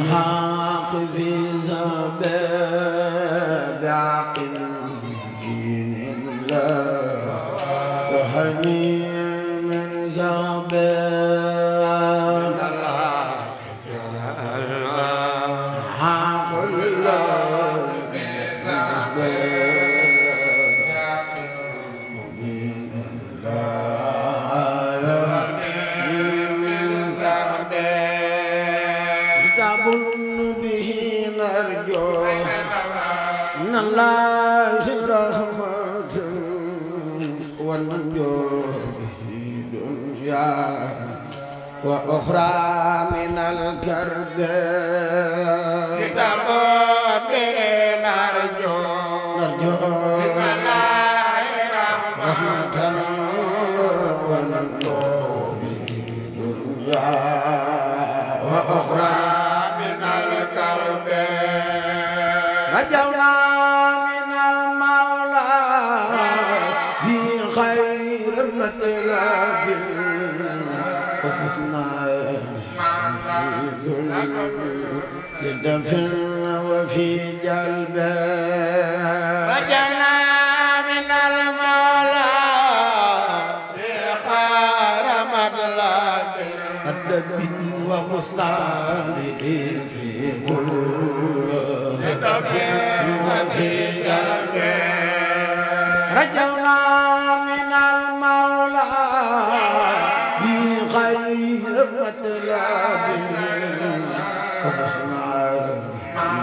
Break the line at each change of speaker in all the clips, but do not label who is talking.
الحق في زباب عقل دين الله وحميد الله رحمة ونجوه دنيا وأخرى من الكرب كتاب نرجو نرجو رحمة ونجوه دنيا وأخرى من الكرب رجونا مستعلق في قلوب في قلبي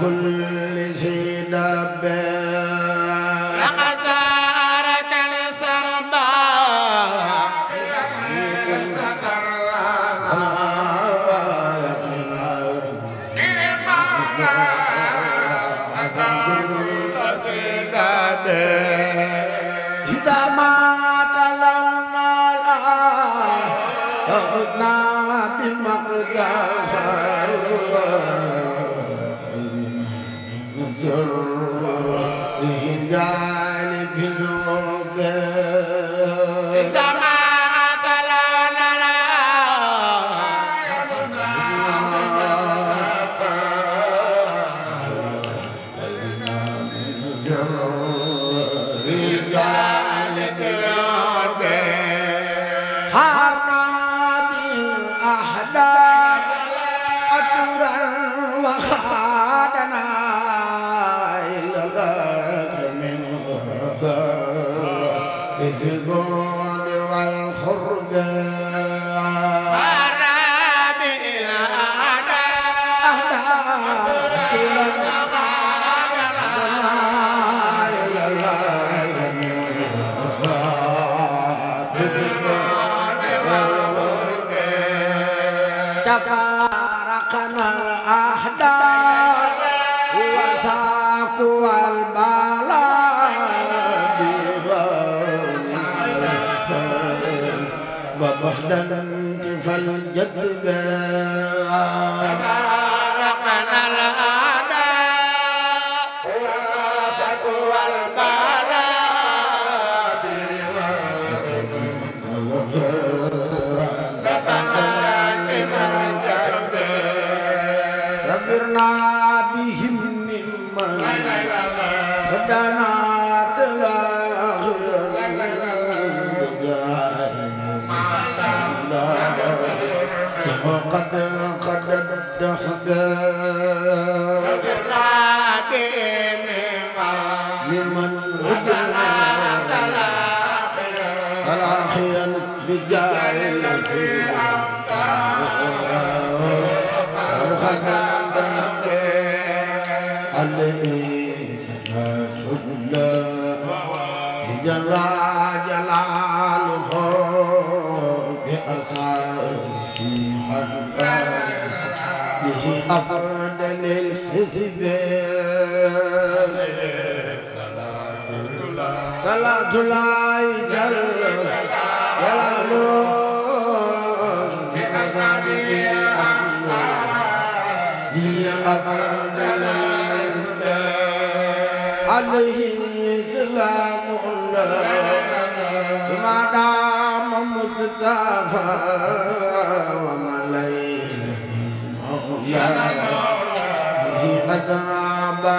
كل فأغنى بمقدافة زره جانب الغربة سماء لنا لا من زره جانب الغربة دنك فالجد بارقنا الآن Sabirna راخيا بجاه الذي وغدا عليه صلاة الله جل جلاله بأسرته حقا به أفضل الحزب salaatu laay jal jalaloo di akadi am na di akadala ista alayhi salaamu la madama mustafa wa malay maulana di adaba